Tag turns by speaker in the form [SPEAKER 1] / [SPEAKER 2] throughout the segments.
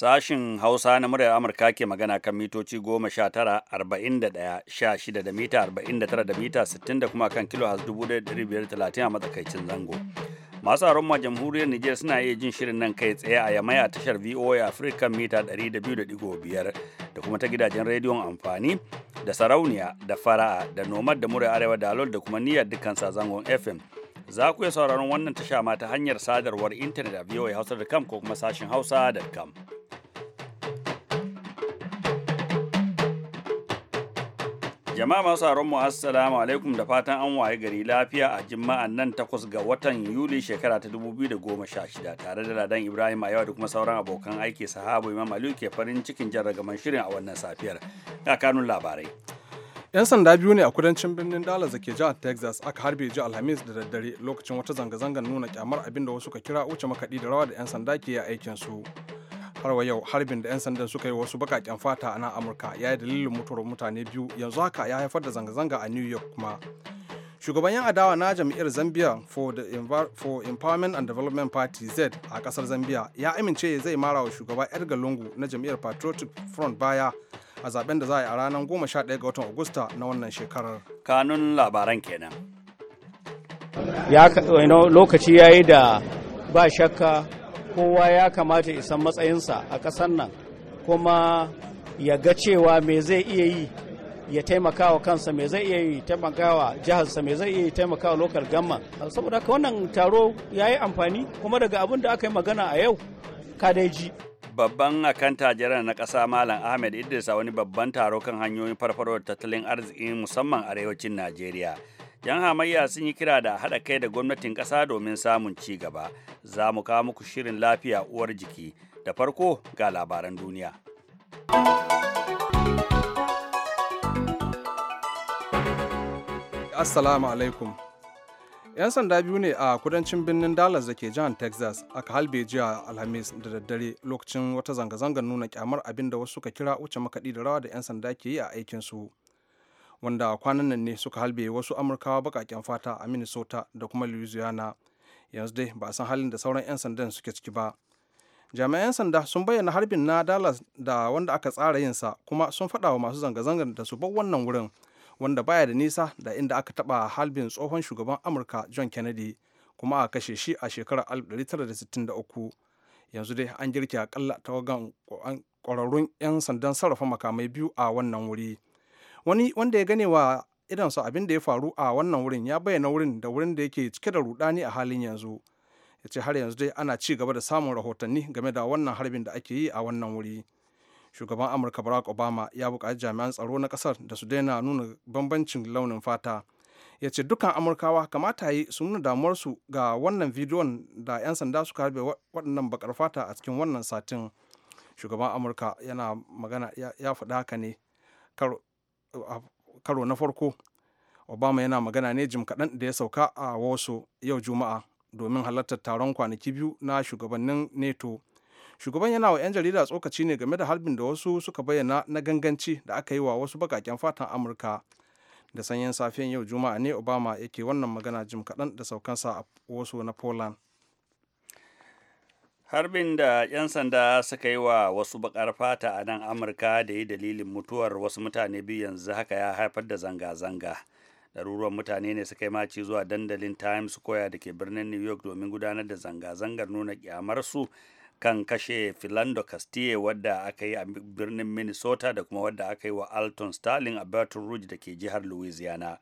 [SPEAKER 1] Sashin Hausa na muryar Amurka ke magana kan mitoci goma sha tara arba'in da ɗaya sha shida da mita arba'in da tara da mita sittin da kuma kan kilo has dubu biyar talatin a matsakaicin zango. Masu aron ma jamhuriyar Nijar suna iya jin shirin nan kai tsaye a yamai a tashar VOA Africa mita ɗari da biyu da ɗigo biyar da kuma ta gidajen rediyon amfani da sarauniya da fara'a da nomad da muryar arewa da alol da kuma niyyar dukkan sa zangon FM. Za ku iya sauraron wannan tasha ma ta hanyar sadarwar intanet a kam ko kuma sashin kam. Jama'a masu sauraron mu assalamu alaikum da fatan an waye gari lafiya a jima'an nan takwas ga watan Yuli shekara ta dubu goma sha shida tare da Ladan Ibrahim Ayawa da kuma sauran abokan aiki sahabu Imam Aliyu ke farin cikin jan shirin a wannan safiyar. Ga kanun labarai.
[SPEAKER 2] 'Yan sanda biyu ne a kudancin birnin Dallas da ke jihar Texas aka harbe ji Alhamis da daddare lokacin wata zanga-zangar nuna kyamar abin da wasu ka kira wuce makaɗi da rawa da 'yan sanda ke yi aikin su. Har wa yau harbin da 'yan sandan suka yi wasu bakaken fata a nan Amurka ya yi dalilin mutuwar mutane biyu yanzu haka ya haifar da zanga-zanga a New York kuma. Shugaban 'yan adawa na jam'iyyar Zambia for, the Empowerment and Development Party Z a kasar Zambia ya amince zai mara wa shugaba Edgar Lungu na jam'iyyar Patriotic Front baya a zaben da za a yi a ranar 11 ga watan Agusta na wannan shekarar. Kanun labaran kenan.
[SPEAKER 3] Ya lokaci ya yi da ba shakka kowa ya kamata isa matsayinsa a ƙasar nan kuma ya ga cewa me zai iya yi ya taimaka wa kansa me zai iya yi taimakawa jiharsa me zai iya yi taimakawa lokal gamma saboda haka wannan taro ya yi amfani kuma daga abin da aka yi magana a yau ji.
[SPEAKER 1] babban akanta jiran na ƙasa malam ahmed idris a wani babban taro kan hanyoyin farfarwar tattalin arzikin musamman arewacin najeriya yan hamayya sun yi kira da haɗa kai da gwamnatin ƙasa domin samun ci gaba za mu kawo muku shirin lafiya uwar jiki da farko ga labaran duniya
[SPEAKER 2] assalamu alaikum 'yan sanda biyu ne a kudancin birnin dallas da ke jihar texas aka halbe jiya alhamis da daddare lokacin wata zanga-zangar nuna kyamar abin da wasu suka kira wuce makaɗi da rawa da 'yan sanda ke yi a aikinsu wanda kwanan nan ne suka halbe wasu amurkawa baƙaƙen fata a minnesota da kuma louisiana yanzu dai ba a san halin da sauran 'yan sandan suke ciki ba jami'an 'yan sanda sun bayyana harbin na dallas da wanda aka tsara yinsa kuma sun faɗa wa masu zanga-zangar da su bar wannan wurin wanda baya da nisa da inda aka taɓa halbin tsohon shugaban amurka john kennedy kuma a kashe shi a shekarar 1963 yanzu dai an girke akalla wagan kwararrun 'yan sandan sarrafa makamai biyu a wannan wuri wani wanda ya gane wa idansa abin da ya faru a wannan wurin ya bayyana wurin da wurin da yake cike da rudani a halin yanzu ya ce har yanzu dai ana ci gaba da samun rahotanni game da wannan harbin da ake yi a wannan wuri. shugaban amurka barack obama ya buƙaci jami'an tsaro na ƙasar da su daina nuna bambancin launin fata ya ce dukkan amurkawa kamata yi su nuna damuwarsu ga wannan bidiyon da 'yan sanda suka harbe waɗannan bakar fata a cikin wannan satin shugaban amurka yana magana ya faɗa haka ne karo na farko obama yana magana ne jim kaɗan da ya sauka a wasu yau juma'a domin halartar taron kwanaki biyu na shugabannin neto shugaban yana wa 'yan jarida tsokaci ne game da harbin da wasu suka bayyana na ganganci da aka yi wa wasu bakaken fatan amurka da sanyin safiyan yau juma'a ne obama yake wannan magana jim kaɗan da saukansa a wasu na poland
[SPEAKER 1] harbin da 'yan sanda suka yi wa wasu bakar fata a nan amurka da yi dalilin mutuwar wasu mutane biyu yanzu haka ya haifar da zanga-zanga ɗaruruwan mutane ne suka yi maci zuwa dandalin times koya da ke birnin new york domin gudanar da zanga-zangar nuna kyamarsu kan kashe Philando Castile wadda aka yi a birnin Minnesota da kuma wadda aka yi wa Alton Sterling a Baton Rouge da ke jihar Louisiana.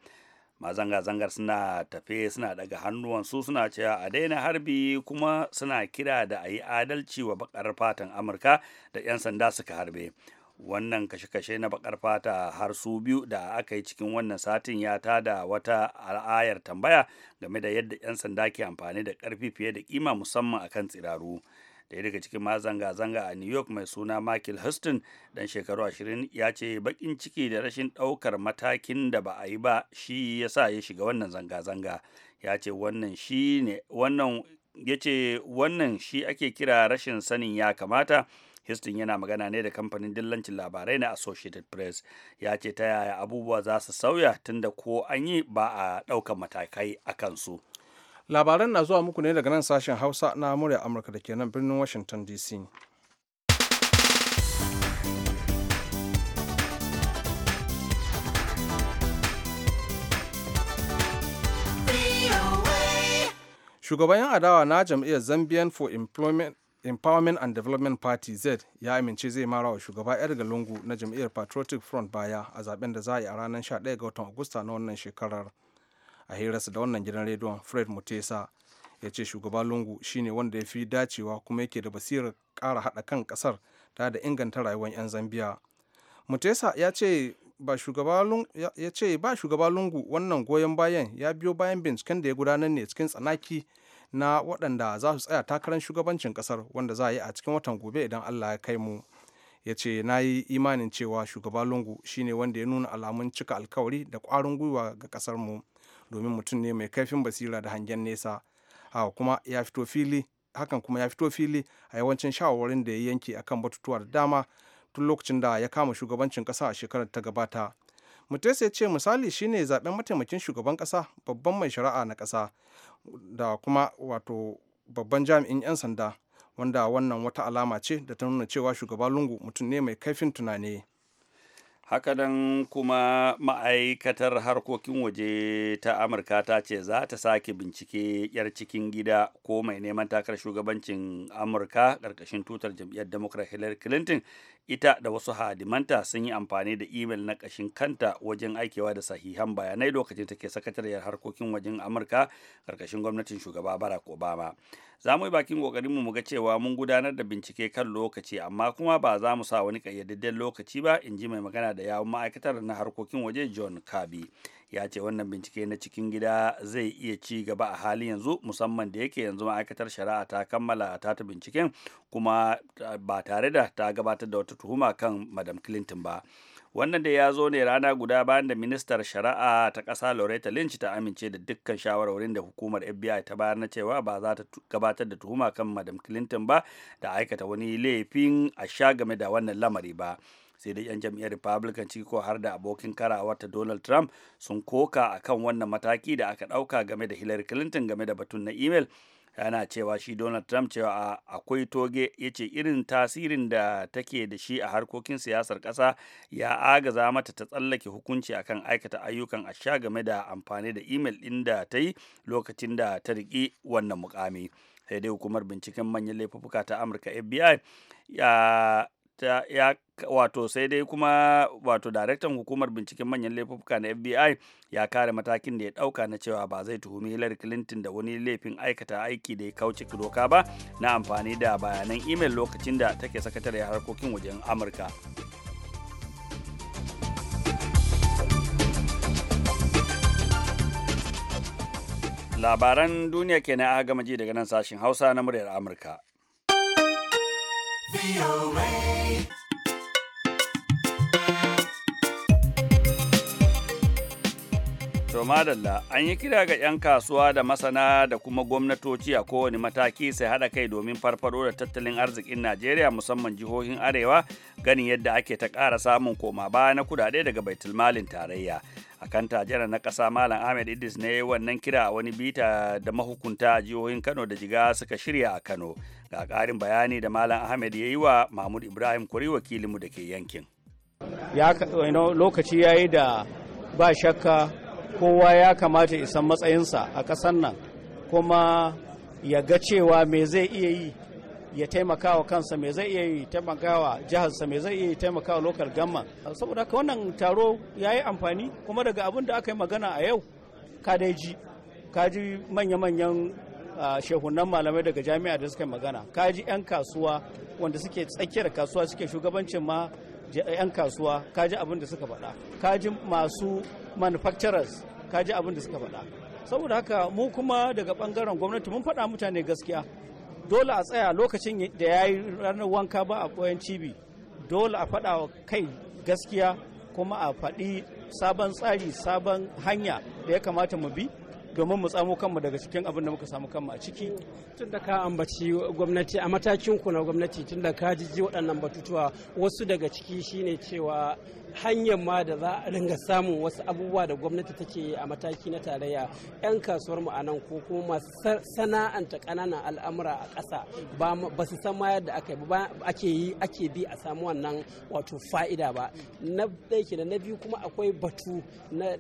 [SPEAKER 1] mazanga-zangar suna tafe suna daga hannuwansu suna cewa a daina harbi kuma suna kira da a yi adalci wa bakar fatan amurka da 'yan sanda suka harbe wannan kashe-kashe na bakar fata har su biyu da aka yi cikin wannan satin ya ta da wata al'ayar tambaya game da yadda 'yan sanda ke amfani da ƙarfi fiye da kima musamman akan tsiraru. daya daga cikin ma zanga-zanga a new york mai suna michael houston dan shekaru 20 ya ce bakin ciki da rashin ɗaukar matakin da ba a yi ba shi ya sa ya shiga wannan zanga-zanga ya ce wannan shi ne wannan ya ce wannan shi ake kira rashin sanin ya kamata Houston yana magana ne da kamfanin dillancin labarai na Associated Press ya ce ta yaya abubuwa za su sauya tunda ko an yi ba a ɗaukan matakai a kansu.
[SPEAKER 2] labaran na zuwa muku ne daga nan sashen hausa na murya amurka da ke nan birnin washington dc shugaban yan adawa na jam'iyyar zambian for employment empowerment and development party z ya amince zai mara wa shugaba edgar lungu na jam'iyyar patriotic front baya a zaben da za a yi a ranar 11 ga watan agusta na wannan shekarar a hirarsa da wannan gidan rediyon fred mutesa ya ce shugaba lungu shine wanda ya fi dacewa kuma yake da basirar kara haɗa kan ƙasar ta da inganta rayuwar 'yan zambiya mutesa ya ce ba shugaba lungu wannan goyon bayan ya biyo bayan binciken da ya gudanar ne cikin tsanaki na waɗanda za su tsaya takarar shugabancin ƙasar wanda za a yi a cikin watan gobe idan allah ya kai mu ya ce na yi imanin cewa shugaba lungu shine wanda ya nuna alamun cika alkawari da ƙwarin gwiwa ga ƙasar mu domin mutum ne mai kaifin basira da hangen nesa haka kuma ya fito fili hakan kuma ya fito fili a yawancin shawarwarin da ya yanke akan batutuwa da dama tun lokacin da ya kama shugabancin kasa a shekarar ta gabata mutesa ya ce misali shine zaben mataimakin shugaban kasa babban mai shari'a na kasa da kuma wato babban jami'in 'yan sanda wanda wannan wata alama ce da ta nuna cewa shugaba lungu mutum ne mai kaifin tunani
[SPEAKER 1] haka nan kuma ma'aikatar harkokin waje ta amurka ta ce za ta sake bincike yar cikin gida ko mai neman takarar shugabancin amurka ƙarƙashin tutar jam'iyyar democrat hillary clinton ita da wasu hadimanta sun yi amfani da imel na ƙashin kanta wajen aikewa da sahihan bayanai lokacin take sakatariyar harkokin wajen amurka ƙarƙashin gwamnatin shugaba barack obama za mu yi bakin ƙoƙarinmu mu ga cewa mun gudanar da bincike kan lokaci amma kuma ba za mu sa wani ƙayyadadden lokaci ba in ji mai magana da yawun ma'aikatar na harkokin waje john kabi ya ce wannan bincike na cikin gida zai iya ci gaba a hali yanzu musamman da yake yanzu ma'aikatar shari'a ta kammala ta ta binciken kuma ba tare da ta gabatar da wata tuhuma kan madam clinton ba wannan da ya zo ne rana guda bayan da ministar shari'a ta ƙasa loretta lynch ta amince da dukkan shawarwarin da hukumar fbi ta bayar na cewa ba za ta gabatar da tuhuma kan madam clinton ba da aikata wani laifin a sha game da wannan lamari ba sai dai 'yan jam'iyyar republican ciki ko har da abokin karawar ta donald trump sun koka akan wannan mataki da aka ɗauka game da hillary clinton game da batun na email yana cewa shi donald trump cewa akwai toge ya ce irin tasirin da take da shi a harkokin siyasar ƙasa ya agaza mata ta tsallake hukunci akan aikata ayyukan a sha game da amfani da imel ɗin da ta yi lokacin da ta riƙi wannan mukami sai dai hukumar binciken manyan laifuka ta amurka fbi ya ta ya wato sai dai kuma wato daraktan hukumar binciken manyan laifuka na FBI ya kare matakin da ya dauka na cewa ba zai tuhumi Hillary Clinton da wani laifin aikata aiki da ya kauce doka ba na amfani da bayanan imel lokacin da take sakatare harkokin wajen Amurka. Labaran duniya kenan a gama ji daga nan sashen Hausa na muryar Amurka. To madalla an yi kira ga 'yan kasuwa da masana da kuma gwamnatoci a kowane mataki sai haɗa kai domin farfaro da tattalin arzikin Najeriya musamman jihohin Arewa ganin yadda ake ta ƙara samun koma baya na kudade daga baitulmalin tarayya. a kan tajara na kasa malam ahmed idris ne wannan kira a wani bita da mahukunta jihohin kano da jiga suka shirya a kano ga ƙarin bayani da malam ahmed ya yi wa mahmud ibrahim kuri wakilinmu da ke yankin
[SPEAKER 3] lokaci ya yi da ba shakka kowa ya kamata isan matsayinsa a ƙasar nan kuma ya ga cewa me zai iya yi ya taimaka wa kansa me zai iya yi taimaka wa jiharsa me zai iya yi taimaka wa lokal gamma saboda haka wannan taro ya yi amfani kuma daga abin da aka yi magana a yau ka dai ji ka ji manya-manyan shehunan malamai daga jami'a da suka yi magana ka ji 'yan kasuwa wanda suke tsakiyar kasuwa suke shugabancin ma 'yan kasuwa ka ji abin da suka faɗa ka ji masu manufacturers ka ji abin da suka faɗa saboda haka mu kuma daga bangaren gwamnati mun faɗa mutane gaskiya dole a tsaya lokacin da ya yi ranar wanka ba a koyan cibi dole a faɗa wa kai gaskiya kuma a faɗi sabon tsari sabon hanya da ya kamata mu bi domin mu tsamo kanmu daga cikin abin da muka samu kanmu a ciki tun da ka ambaci gwamnati a matakin ku na gwamnati tun da ka jiji waɗannan batutuwa wasu daga ciki shine cewa hanyar ma da za a ringa samun wasu abubuwa da gwamnati take a mataki na tarayya 'yan kasuwar mu a nan ko kuma sana'anta kananan al'amura a ƙasa ba su san mayar da aka yi ba ake yi ake bi a samu wannan wato fa'ida ba na ɗaya kenan na biyu kuma akwai batu na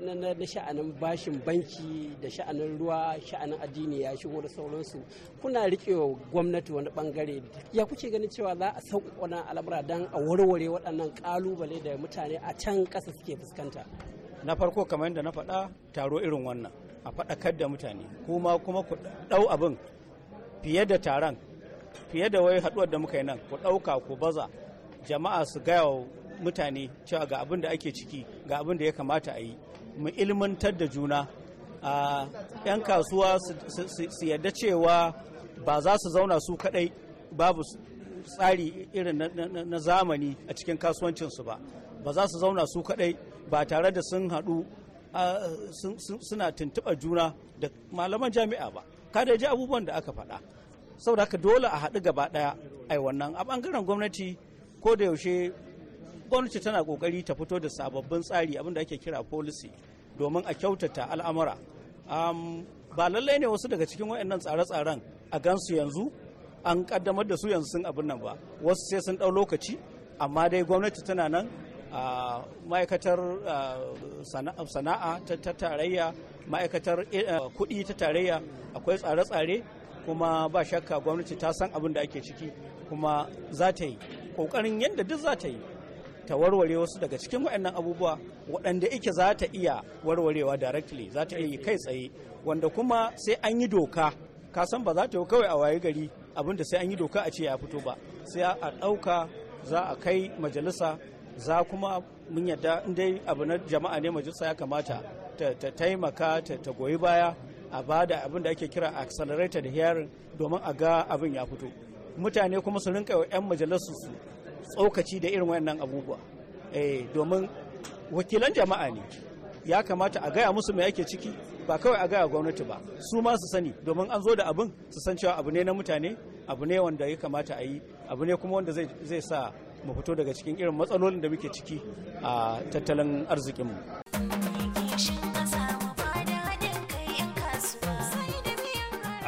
[SPEAKER 3] sha'anin bashin banki da sha'anin ruwa sha'anin addini ya shigo da sauransu kuna wa gwamnati wani bangare ya kuke ganin cewa za a sauƙaƙa wannan al'amura don a warware waɗannan ƙalubale da mutane a can ƙasa suke fuskanta na farko kamar yadda na faɗa taro irin wannan a faɗakar da mutane kuma kuma ku ɗau abin fiye da taron fiye da wai haɗuwar da muka yi nan ku ɗauka ku baza jama'a su gaya wa mutane cewa ga abin da ake ciki ga abin da ya kamata a yi mu ilmantar da juna a 'yan kasuwa su yadda cewa ba za su zauna su kaɗai babu tsari irin na zamani a cikin kasuwancinsu ba ba za su zauna su kaɗai ba tare da sun haɗu suna tuntuɓa juna da malaman jami'a ba kada ji abubuwan da aka faɗa saboda haka dole a haɗu gaba ɗaya ai wannan a ɓangaren gwamnati ko da yaushe gwamnati tana ƙoƙari ta fito da sababbin tsari abin da ake kira policy domin a kyautata al'amura ba lallai ne wasu daga cikin waɗannan tsare-tsaren a gansu yanzu an ƙaddamar da su yanzu sun abin nan ba wasu sai sun ɗau lokaci amma dai gwamnati tana nan ma'aikatar sana'a ta tarayya ma'aikatar eh, kuɗi ta tarayya akwai tsare-tsare kuma ba shakka gwamnati ta san abin da ake ciki kuma za ta yi ƙoƙarin yadda duk za ta yi ta warware wasu daga cikin waɗannan abubuwa waɗanda ike za ta iya warwarewa directly za ta iya yi kai tsaye wanda kuma sai an yi doka ka san ba za ta yi kawai a waye gari abinda sai an yi doka a ce ya fito ba sai a ɗauka za a kai majalisa za kuma mun yadda in dai abu na jama'a ne majalisa ya kamata ta taimaka ta goyi baya a ba da abin da ake kira accelerated hearing domin a ga abin ya fito mutane kuma su rinka 'yan majalisu su tsokaci da irin wannan abubuwa eh, domin wakilan jama'a ne ya kamata a gaya musu mai ake ciki ba kawai a gaya gwamnati ba su ma su sani domin an zo da abin su san cewa abu ne na mutane abu ne wanda ya kamata a yi abu ne kuma wanda zai sa mu fito daga cikin irin matsalolin da muke ciki
[SPEAKER 1] a tattalin arzikinmu.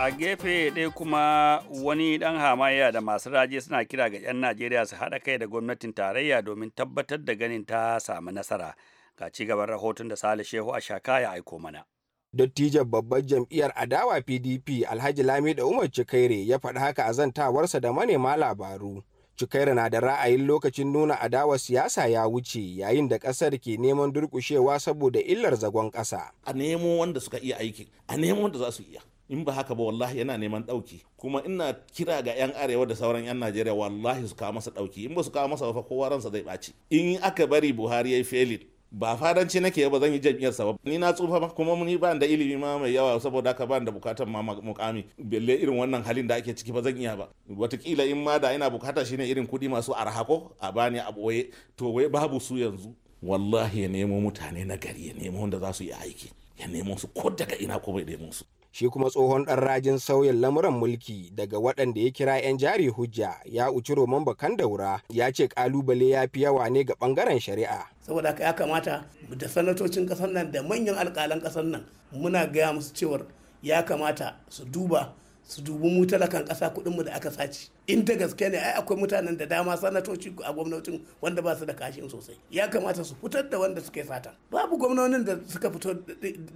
[SPEAKER 1] a gefe ɗaya kuma wani ɗan hamayya da masu raje suna kira ga 'yan najeriya su haɗa kai da gwamnatin tarayya domin tabbatar da ganin ta samu nasara ga cigaban rahoton da sale shehu a shaka ya aiko mana
[SPEAKER 4] dattijan babbar jam'iyyar adawa pdp alhaji lami da umar cikaire ya faɗi haka a zantawarsa da manema labaru Cikaira na da ra'ayin lokacin nuna adawa siyasa ya wuce yayin da ƙasar ke neman durkushewa saboda illar zagon kasa.
[SPEAKER 5] A nemo wanda suka iya aiki a nemo wanda za su iya. in ba haka ba wallahi yana neman ɗauki kuma ina kira ga 'yan arewa da sauran 'yan najeriya wallahi su kawo masa ɗauki in ba su kawo masa ba kowa ransa zai ɓaci in aka bari buhari ya yi felin ba fadanci nake ba zan yi jam'iyyar sa ba ni na tsufa kuma ni ba da ilimi ma mai yawa saboda haka ba da bukatar ma mukami belle irin wannan halin da ake ciki ba zan iya ba watakila in ma da ina bukata shine irin kuɗi masu ko? a bani a boye to wai babu su yanzu wallahi ya nemo mutane na gari ya nemo wanda za su yi aiki ya nemo su ko daga ina ko bai nemo su
[SPEAKER 4] shi kuma tsohon ɗan rajin sauyin lamuran mulki daga waɗanda ya kira 'yan jari hujja ya uci roman bakan daura ya ce kalubale ya fi yawa ne ga ɓangaren shari'a
[SPEAKER 3] saboda haka ya kamata da sanatocin ƙasar nan da manyan alƙalan ƙasar nan muna gaya musu cewar ya kamata su duba su dubi mu talakan ƙasa mu da aka sace in da gaske ne ai akwai mutanen da dama sanatoci a gwamnatin wanda ba su da kashin sosai ya kamata su fitar da wanda suke fata sata babu gwamnonin da suka fito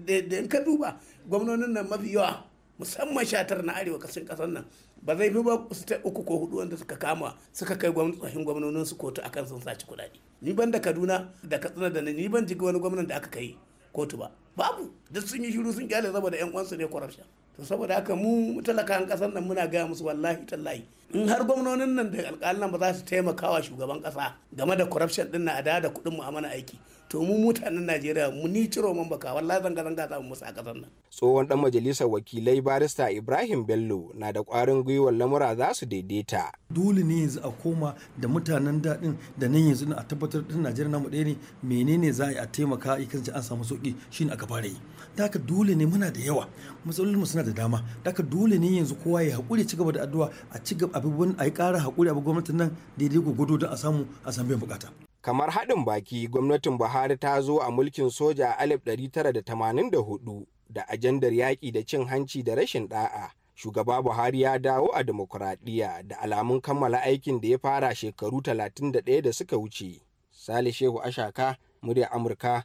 [SPEAKER 3] da in ka duba gwamnonin nan mafi yawa musamman shatar na arewa kasin kasar nan ba zai fi ba su ta uku ko hudu wanda suka kama suka kai gwamnatin gwamnonin su kotu akan sun saci kudade. ni ban da kaduna da katsina da ni ban jigi wani gwamnan da aka kai kotu ba babu duk sun yi shiru sun kyale saboda yan uwansu ne corruption to saboda haka mu talakan kasar nan muna gaya musu wallahi tallahi in har gwamnonin nan da alƙalan ba za su taimaka wa shugaban kasa game da corruption din na a da kuɗin mu'amala a aiki to mu mutanen Najeriya mu ni ciro man baka wallahi zanga zanga za mu musu a kasar nan
[SPEAKER 4] tsohon dan majalisar wakilai barista Ibrahim Bello na da ƙwarin gwiwar lamura za su daidaita
[SPEAKER 1] dole ne yanzu a koma da mutanen daɗin da nan yanzu a tabbatar da Najeriya namu ɗaya ne menene za a taimaka ikan an samu sauki shine aka fara yi daka dole ne muna da yawa matsalolin suna da dama daka dole ne yanzu kowa ya hakuri ci gaba da addu'a a ci gaba abubuwan a yi ƙara hakuri abu gwamnatin nan daidai gwagwado da a samu a samu biyan bukata
[SPEAKER 4] kamar haɗin baki gwamnatin buhari ta zo a mulkin soja a alif ɗari tara da tamanin da da hudu ajandar yaƙi da cin hanci da rashin ɗa'a shugaba buhari ya dawo a demokuraɗiyya da alamun kammala aikin da ya fara shekaru talatin da ɗaya da suka wuce sale shehu ashaka murya amurka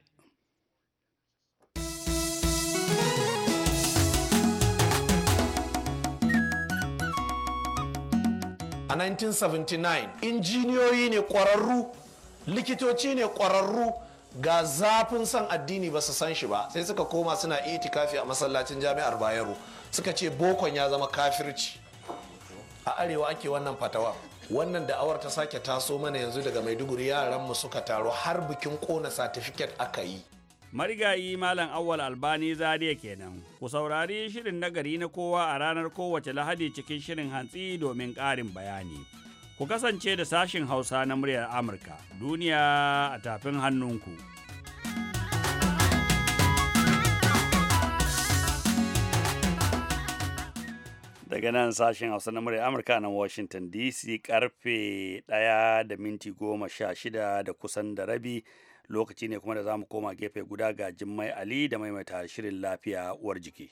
[SPEAKER 3] a 1979 injiniyoyi ne kwararru likitoci ne kwararru ga zafin san addini ba su san shi ba sai suka koma suna
[SPEAKER 1] itikafi a masallacin jami'ar bayero suka ce bokon ya zama kafirci a arewa ake wannan fatawa wannan da awar ta sake taso mana yanzu daga maiduguri yaran mu suka taru har bikin kona satifiket aka yi Marigayi Malam awal Albani Zaria kenan. Ku saurari shirin nagari na kowa a ranar kowace Lahadi cikin shirin hantsi domin ƙarin bayani. Ku kasance da sashin Hausa na muryar Amurka. Duniya a tafin hannunku. Daga nan sashen Hausa na muryar Amurka na Washington DC karfe ɗaya da minti goma sha shida da kusan da rabi. lokaci ne kuma da za mu koma gefe guda ga jimmai ali da maimaita shirin lafiya uwar jiki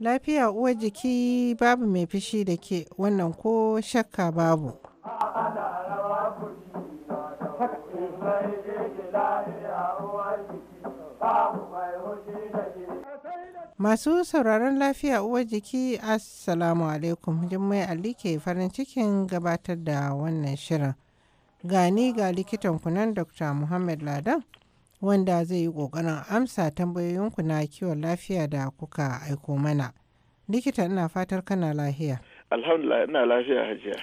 [SPEAKER 6] lafiya uwar jiki babu mai fishi da ke wannan ko shakka babu Masu sauraron lafiya uwar jiki Assalamu alaikum Jummai Ali ke farin cikin gabatar da wannan shirin. Gani ga likitan kunan Dr. Muhammad Ladan wanda zai yi ƙoƙarin amsa tambayoyinku na kiwon lafiya da kuka aiko mana. Likita ina fatar kana lafiya.
[SPEAKER 5] Alhamdulillah ina lafiya hajiya.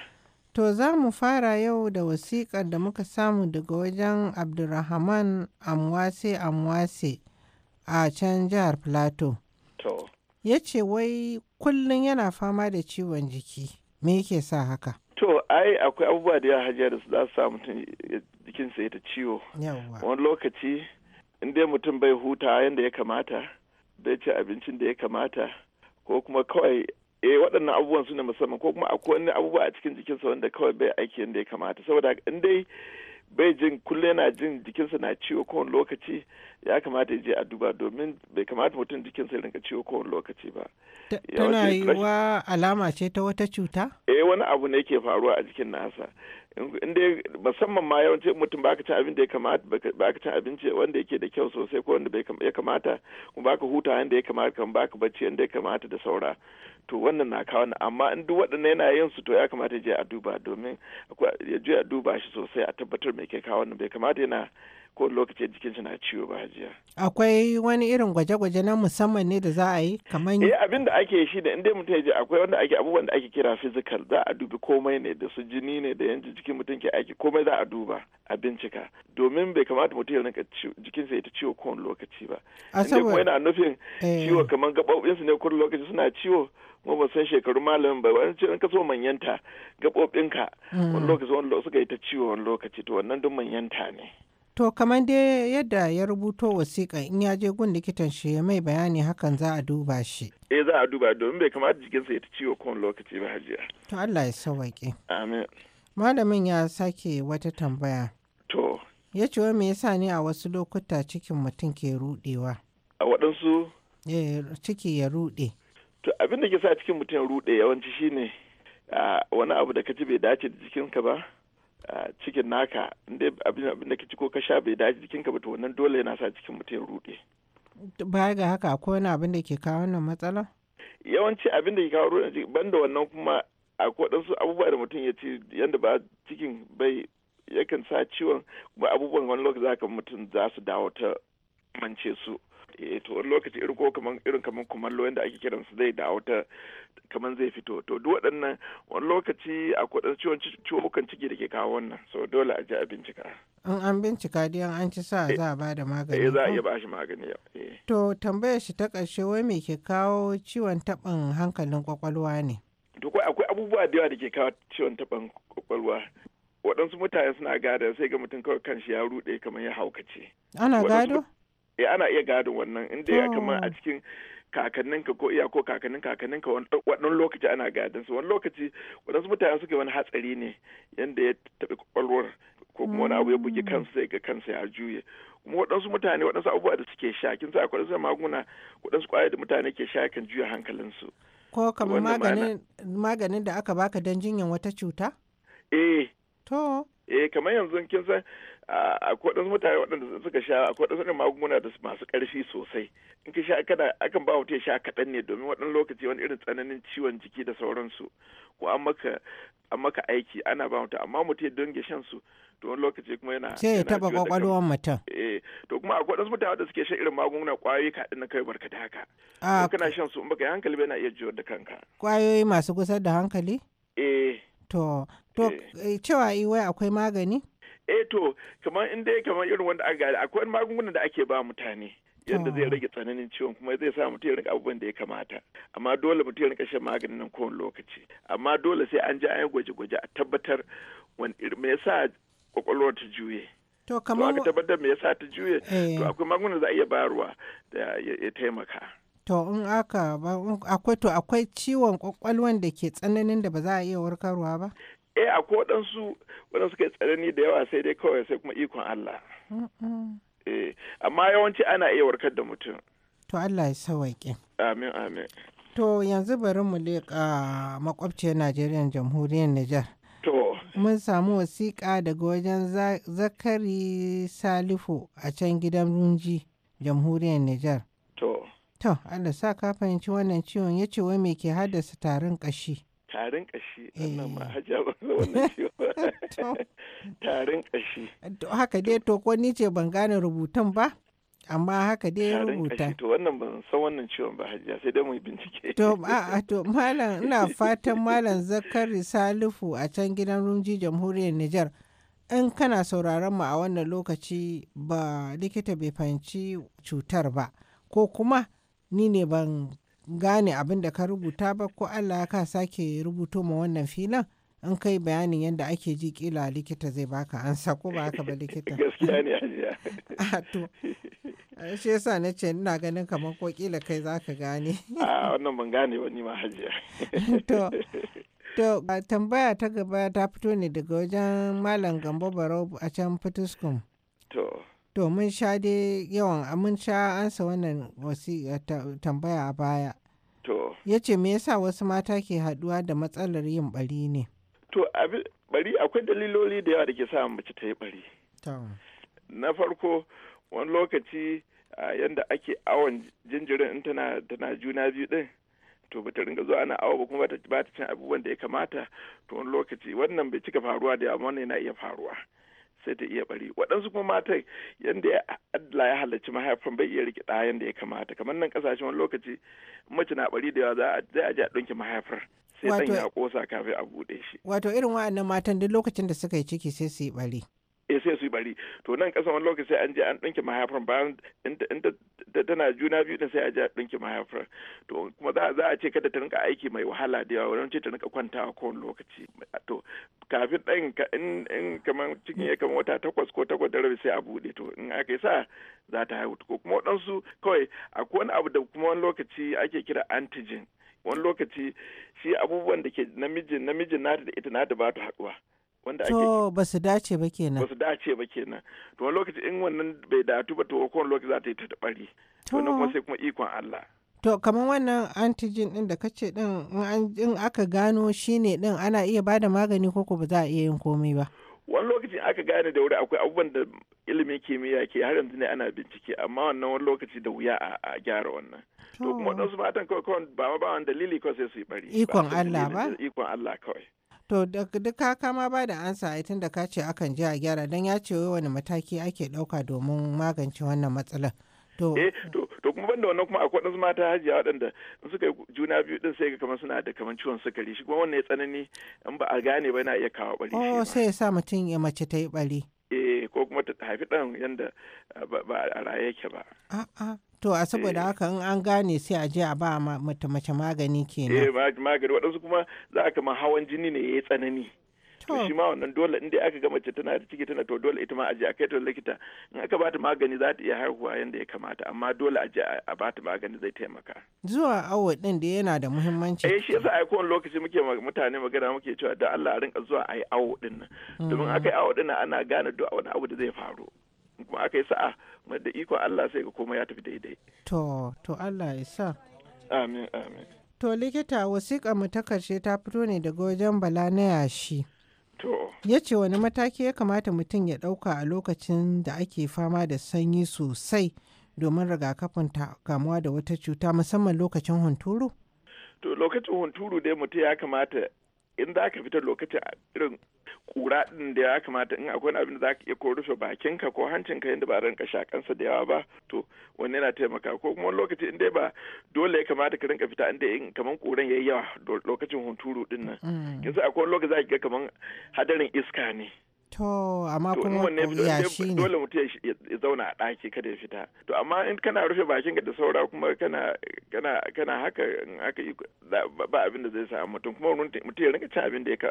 [SPEAKER 6] To za mu fara yau da wasiƙar da muka samu daga wajen Abdulrahman Amwase Amwase a can jihar Plateau. To. Ya ce wai kullum yana fama da ciwon jiki. Me yake sa haka?
[SPEAKER 5] To, ai akwai abubuwa da ya hajiya da su za su sa mutum jikinsa ya ta ciwo. Wani lokaci, in mutum bai huta yadda ya kamata, bai ci abincin da ya kamata, ko kuma kawai eh waɗannan abubuwan su ne musamman ko kuma akwai wani abubuwa a cikin jikinsa wanda kawai bai aiki yadda ya kamata. Saboda in dai bai jin kullum yana jin jikinsa na ciwo kowane lokaci ya kamata ya je a duba domin bai kamata mutum jikinsa ya rinka ciwo kowane lokaci ba.
[SPEAKER 6] Tana yi wa alama ce ta wata cuta?
[SPEAKER 5] Eh wani abu ne ke faruwa a jikin nasa. dai musamman ma yawanci mutum baka cin abin da ya kamata baka cin abinci wanda yake da kyau sosai ko wanda ya kamata kuma baka huta yanda ya kamata kan baka bacci yanda ya kamata da saura to wannan na kawo amma in duk waɗannan yana yin su to ya kamata ya je a duba domin ya je a duba shi sosai a tabbatar me ke kawo wannan bai kamata yana ko lokacin jikin suna na ciwo ba hajiya.
[SPEAKER 6] Akwai wani irin gwaje-gwaje na musamman ne da za a yi kamar Eh
[SPEAKER 5] abin da ake shi da inda mutum ya je akwai wanda ake abubuwan da ake kira physical za a dubi komai ne da su jini ne da yanzu jikin mutum ke aiki komai za a duba a bincika domin bai kamata mutum ya rinka jikinsa ya ta ciwo kowane lokaci ba. Inda kuma yana nufin eh. ciwo kamar gaɓoɓinsu ne kowane lokaci suna ciwo kuma ba san shekaru malamin ba wani in ka so manyanta gaɓoɓinka mm. wani lokaci wani suka yi ta ciwo wani lokaci to wannan duk manyanta ne.
[SPEAKER 6] To kamar dai yadda ya rubuto wasiƙa in ya je gun likitan shi ya mai bayani hakan za a duba shi.
[SPEAKER 5] Eh za a duba domin bai kamata jikinsa ya ta ciwo kowane lokaci ba hajiya.
[SPEAKER 6] To Allah ya sauwaƙe. Amin. Malamin ya sake wata tambaya. To. Ya ce wa me yasa ne a wasu lokuta cikin mutum ke rudewa?
[SPEAKER 5] A waɗansu?
[SPEAKER 6] Eh ciki ya rude.
[SPEAKER 5] To abin da ke sa cikin mutum ya rude yawanci shine ah, wani abu da ka ci bai dace da jikinka ba. cikin naka inda abin da ka ci ko ka sha bai dace jikinka ba to wannan dole yana sa cikin mutum rude
[SPEAKER 6] baya ga haka akwai wani abin da ke kawo wannan matsala
[SPEAKER 5] yawanci abin da ke kawo ruɗin ban banda wannan kuma akwai waɗansu abubuwa da mutum ya ci yadda ba cikin bai yakan sa ciwon kuma abubuwan wani lokaci zaka mutum za su dawo ta mance su e to wani lokaci irin ko kaman irin kaman kumallo yanda ake kiran su zai dawo ta kaman zai fito to duk waɗannan wani lokaci a kudin ciwon ciwon ciki da ke kawo wannan so dole a ji a bincika
[SPEAKER 6] an an bincika dai an ci sa eh, za a ba da magani eh za a iya
[SPEAKER 5] ba shi magani yau eh.
[SPEAKER 6] to tambayar shi ta ƙarshe wai me ke kawo ciwon taɓin hankalin kwakwalwa ne
[SPEAKER 5] to akwai abubuwa da yawa da ke kawo ciwon taɓin kwakwalwa waɗansu mutane suna gada sai ga mutum kawai kanshi ya ruɗe kamar ya haukace.
[SPEAKER 6] Ana gado?
[SPEAKER 5] eh ana iya gadon wannan inda ya kama a cikin ka ko iya ko kakannin ka wannan lokaci ana gadon su wani lokaci wadansu mutane suke wani hatsari ne yanda ya tabi kwalwar ko kuma wani abu ya buge mm. kansa sai ga kansa ya juye kuma waɗansu mutane waɗansu abubuwa da suke sha kin sa akwai wasu magunguna waɗansu ƙwaya da mutane ke sha kan juya hankalin su.
[SPEAKER 6] ko kamar maganin maganin da aka baka don jinyan wata cuta? eh to
[SPEAKER 5] eh kamar yanzu kin san akwai wadansu mutane waɗanda suka sha akwai wadansu magunguna da masu ƙarfi sosai in ka sha kada akan ba mutum ya sha kaɗan ne domin waɗannan lokaci wani irin tsananin ciwon jiki da sauransu ko an maka an maka aiki ana ba mutum amma mutum ya dinga shan su to wani lokaci kuma yana sai ya taba kwakwalwar mutum eh to kuma akwai wadansu mutane da suke shan irin magunguna kwayoyi ka na kai barka da haka ah, kana shan su in baka hankali ba yana iya jiwar da kanka
[SPEAKER 6] kwayoyi masu kusa da hankali eh to to eh. Eh, cewa iwai akwai magani
[SPEAKER 5] eh to kamar inda ya kamar irin wanda aka gari akwai magungunan da ake ba mutane yadda zai rage tsananin ciwon kuma zai sa mutum ya abubuwan da ya kamata amma dole mutum ya rinka shan maganin nan kowane lokaci amma dole sai an ji an yi gwaje-gwaje a tabbatar wani me yasa kwakwalwar ta juye
[SPEAKER 6] to kamar aka tabbatar
[SPEAKER 5] me yasa ta juye to eh. akwai magungunan za a iya bayarwa da ya taimaka
[SPEAKER 6] to in aka akwai to akwai ciwon kwakwalwan da ke tsananin da ba za a iya warkarwa ba
[SPEAKER 5] eh a ko waɗansu suka tsanani da yawa sai dai kawai sai kuma ikon Allah eh, amma yawanci ana iya warkar da mutum
[SPEAKER 6] to Allah ya sawaƙe
[SPEAKER 5] amin amin
[SPEAKER 6] to yanzu bari mu leƙa makwabciyar Najeriya jamhuriyar Nijar to mun samu wasiƙa daga wajen Zakari Salifu a can gidan Runji jamhuriyar Nijar to to Allah sa ka fahimci wannan ciwon ya ce wai me ke haddasa tarin ƙashi
[SPEAKER 5] tarin kashi eh. wannan ma hajiya ba wannan ciwo tarin kashi
[SPEAKER 6] haka dai to ko ni ce ban gane rubutun ba amma haka dai ya rubuta
[SPEAKER 5] to wannan ban san wannan ciwon ba hajiya sai dai mu bincike
[SPEAKER 6] to a to malam ina fatan malam zakari salifu a can gidan rumji jamhuriyar Nijar in kana sauraron mu a wannan lokaci ba likita bai fahimci cutar ba ko kuma ni ne ban gane abin da ka rubuta ba ko Allah ya ka sake rubuto ma wannan filan in kai bayanin yadda ake ji kila likita zai baka ansa ko ba haka ba likita gaskiya ne ah, shi yasa na ce ina ganin kamar ko kila kai za ka gane a
[SPEAKER 5] ah, wannan ban gane wani ma hajiya to
[SPEAKER 6] to tambaya ta gaba ta fito ne daga wajen malam gambo barau a can fituskum To mun sha dai yawan mun sha ansa wannan wasi tambaya a baya. To. Ya ce me yasa wasu mata ke haduwa da matsalar yin bari ne?
[SPEAKER 5] To bari akwai daliloli da yawa da ke sa mace ta yi bari. Na farko wani lokaci yanda ake awon jinjirin in tana tana juna biyu din to bata ringa zuwa ana awo ba kuma bata ba ta cin abubuwan da ya kamata to wani lokaci wannan bai cika faruwa da yawa wannan yana iya faruwa. sai ta iya bari waɗansu kuma mata yadda Allah ya halarci mahaifan bai iya rikida yadda ya kamata kamar nan kasashen wani lokaci mace na bari da yawa za a je a ɗinki mahaifar sai ɗan ya ƙosa kafin a buɗe shi.
[SPEAKER 6] Wato irin wa'annan matan duk lokacin da suka yi ciki sai su yi bari.
[SPEAKER 5] eh sai su yi bari to nan kasan wani lokaci an je an ɗinke mahaifar bayan inda tana juna biyu da sai a je a ɗinke mahaifar to kuma za a ce kada ta rinka aiki mai wahala da yawa wani ce ta rinka kwantawa kowane lokaci to kafin ɗan in kamar cikin ya kamar wata takwas ko takwas da rabi sai a buɗe to in aka yi sa za ta haihu ko kuma waɗansu kawai akwai wani abu da kuma wani lokaci ake kira antigen wani lokaci shi abubuwan da ke namijin namijin nata da ita nata ba ta haɗuwa wanda ake to
[SPEAKER 6] ba su dace ba kenan ba
[SPEAKER 5] su dace ba kenan to wani lokaci in wannan bai datu ba to kowane lokaci za ta yi ta tabari to nan kuma sai kuma ikon Allah
[SPEAKER 6] to kamar wannan antigen din da kace din in aka gano shine din ana iya bada magani ko ko ba za a iya yin komai ba wani
[SPEAKER 5] lokacin aka gane da wuri akwai abubuwan da ilimin kimiyya ke har yanzu ne ana bincike amma wannan wani lokaci da wuya a gyara wannan to kuma waɗansu matan kawai kawai ba ma ba wani dalili kawai sai su yi bari ikon Allah ba ikon Allah kawai
[SPEAKER 6] To ka ma ba da ansa a tun da ka ce akan je a gyara don ya ce wani mataki ake ɗauka domin magance wannan matsalar. To,
[SPEAKER 5] eh, to kuma banda wannan kuma akwai wasu mata hajiya waɗanda suka yi juna biyu din sai ga kamar suna da kamar ciwon sukari shi kuma wannan ya tsanani in ba a gane ba yana iya kawo bari. Oh
[SPEAKER 6] sai ya sa mutum ya mace ta yi bari.
[SPEAKER 5] Eh ko kuma ta haifi ɗan yanda ba a raye yake ba.
[SPEAKER 6] A'a To a saboda eh. haka in an gane sai a je a ba mata mace magani kenan. Eh
[SPEAKER 5] magani waɗansu kuma za a kama hawan jini ne yayi tsanani. To shi ma wannan dole in aka ga mace tana da ciki tana to dole ita ma a je a kai ta likita in aka bata magani za ta iya haihuwa yanda ya kamata amma dole a je a bata magani zai taimaka.
[SPEAKER 6] Zuwa awo din da yana da muhimmanci. Eh shi yasa
[SPEAKER 5] a kowane lokaci muke mutane magana muke cewa da Allah a rinka zuwa a yi awo din nan. Mm. Domin aka yi awo din nan ana gane duk wani abu da zai faru. kuma aka yi sa'a kuma da ikon Allah sai ga komai ya tafi
[SPEAKER 6] daidai to to Allah ya sa
[SPEAKER 5] amin amin
[SPEAKER 6] to likita wasiƙa mu ta karshe ta fito ne daga wajen bala na yashi to ya ce wani mataki ya kamata mutum ya ɗauka a lokacin da ake fama da sanyi sosai domin rigakafin kamuwa da wata cuta musamman lokacin hunturu?
[SPEAKER 5] To lokacin hunturu dai mutum ya kamata in za ka fita lokacin irin kura din da ya kamata in akwai abin da za iya ko rufe bakinka ko hancinka yadda ba rinka shakansa da yawa ba to wani yana taimaka ko kuma lokaci in dai ba dole ya kamata ka rinka fita inda in kaman kuran yayi yawa lokacin hunturu din nan mm. yanzu akwai lokaci za ka ga kaman hadarin iska ne
[SPEAKER 6] To, amma kuma ya shi ne. Dole
[SPEAKER 5] mutum ya zauna a ɗaki kada ya fita. To, amma in kana rufe bakin ka da saura kuma kana kana kana haka yi ba abin da zai sa mutum kuma mutum ya rinka cin abin ya ka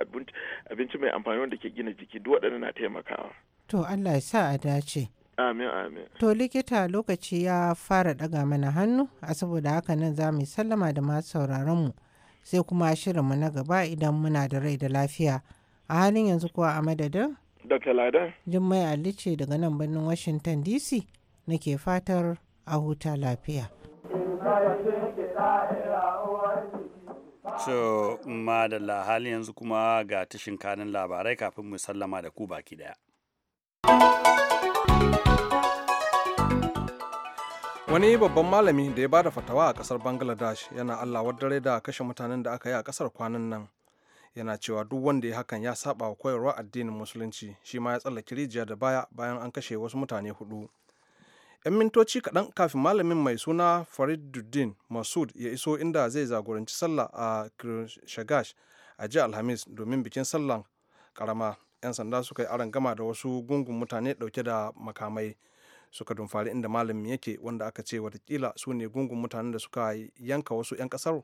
[SPEAKER 5] abinci mai amfani wanda ke gina jiki duk waɗannan na taimakawa.
[SPEAKER 6] To, Allah ya sa a dace.
[SPEAKER 5] Amin, amin.
[SPEAKER 6] To, likita lokaci ya fara ɗaga mana hannu, a saboda haka nan za mu sallama da masu mu Sai kuma shirinmu na gaba idan muna da rai da lafiya. A halin yanzu kuwa a madadin
[SPEAKER 5] Dr.
[SPEAKER 1] Ladan.
[SPEAKER 6] Jummai Ali ce daga nan birnin Washington DC nake fatar a huta lafiya.
[SPEAKER 1] To, madalla hali yanzu kuma ga tashin kanin labarai kafin mu sallama da ku baki daya.
[SPEAKER 2] Wani babban malami da ya bada fatawa a kasar Bangladesh yana Allah dare da kashe mutanen da aka yi a kasar kwanan nan. yana cewa duk wanda ya hakan ya saba wa koyarwa addinin musulunci shi ma ya tsallake rijiya da baya bayan an kashe wasu mutane hudu yan mintoci kaɗan kafin malamin mai suna fariduddin masud ya iso inda zai zagoranci sallah a kirshagash a jiya alhamis domin bikin sallan karama yan sanda suka yi aron gama da wasu gungun mutane dauke da makamai suka dumfari inda malamin yake wanda aka ce watakila su ne gungun mutanen da suka yanka wasu 'yan kasar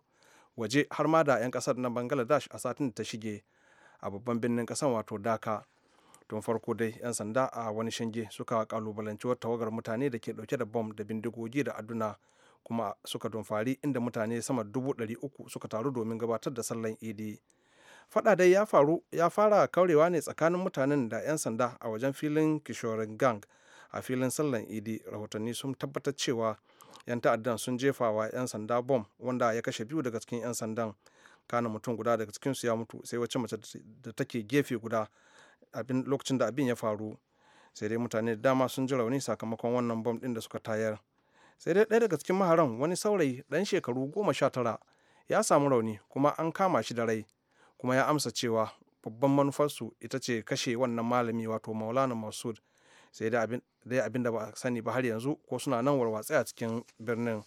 [SPEAKER 2] waje har ma da 'yan kasar na bangaladesh a satin da ta shige a babban birnin kasar wato daka tun farko dai 'yan sanda a wani shinge suka kalubalanci wata tawagar mutane da ke dauke da bom da bindigogi da aduna kuma suka dumfari inda mutane sama dubu ɗari uku suka taru domin gabatar da sallan idi fada dai ya faru ya fara kaurewa ne tsakanin mutanen da 'yan sanda a wajen filin kishorin gang a filin sallan idi rahotanni sun tabbatar cewa 'yan ta'addan sun jefa wa 'yan sanda bom wanda ya kashe biyu daga cikin 'yan sandan kana mutum guda daga cikinsu ya mutu sai wacce mace da take gefe guda abin lokacin da abin ya faru sai dai mutane da dama sun ji rauni sakamakon wannan bom din da suka tayar sai dai ɗaya daga cikin maharan wani saurayi ɗan shekaru goma sha tara ya samu rauni kuma an kama shi da rai kuma ya amsa cewa babban manufarsu ita ce kashe wannan malami wato maulana masud sai dai abin da ba a sani ba har yanzu ko suna nan warwatse a cikin birnin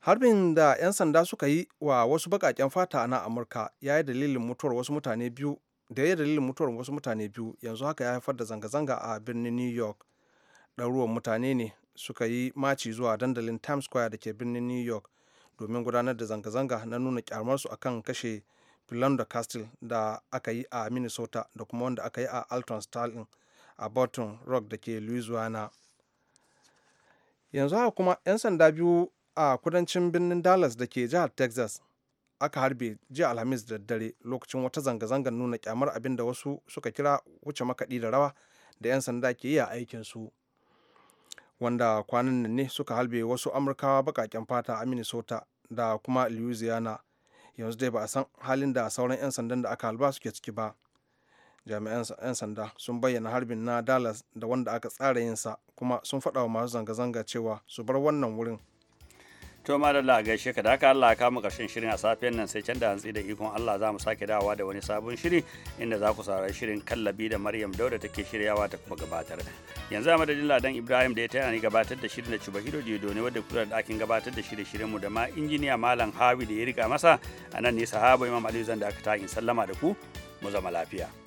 [SPEAKER 2] harbin da 'yan sanda suka yi wa wasu baƙaƙen fata na amurka ya yi dalilin mutuwar wasu mutane biyu da ya yi dalilin mutuwar wasu mutane biyu yanzu haka ya haifar da zanga-zanga a birnin new york ɗaruwan mutane ne suka yi maci zuwa dandalin times square da ke birnin new york domin gudanar da zanga-zanga na nuna kyamarsu akan kashe philando castle da aka yi a minnesota da kuma wanda aka yi a alton stalin a Baton Rock da ke Louisiana. Yanzu haka kuma 'yan sanda biyu a kudancin birnin Dallas da ke jihar Texas aka harbe jiya Alhamis da dare lokacin wata zanga-zangar nuna kyamar abin da wasu suka kira wuce makaɗi da rawa da 'yan sanda ke yi a aikinsu. Wanda kwanan nan ne suka harbe wasu Amurkawa baƙaƙen fata a Minnesota da kuma Louisiana yanzu dai ba a san halin da sauran 'yan sandan da aka halba suke ciki ba jami'an 'yan sanda sun bayyana harbin na dallas da wanda aka tsara yinsa kuma sun faɗa wa masu zanga-zanga cewa su bar wannan wurin
[SPEAKER 1] To madalla gaishe ka da haka Allah ya kama ƙarshen shirin a safiyan nan sai can da hantsi da ikon Allah za mu sake dawowa da wani sabon shiri inda za ku saurari shirin kallabi da Maryam Dauda take shiryawa ta kuma gabatar. Yanzu a madadin Ladan Ibrahim da ya taya ni gabatar da shirin da da Dido ne wadda kula da ɗakin gabatar da shirye shirin mu da ma injiniya Malam Hawi da ya rika masa a nan ne sahaba Imam Aliyu zan da aka ta in sallama da ku mu zama lafiya.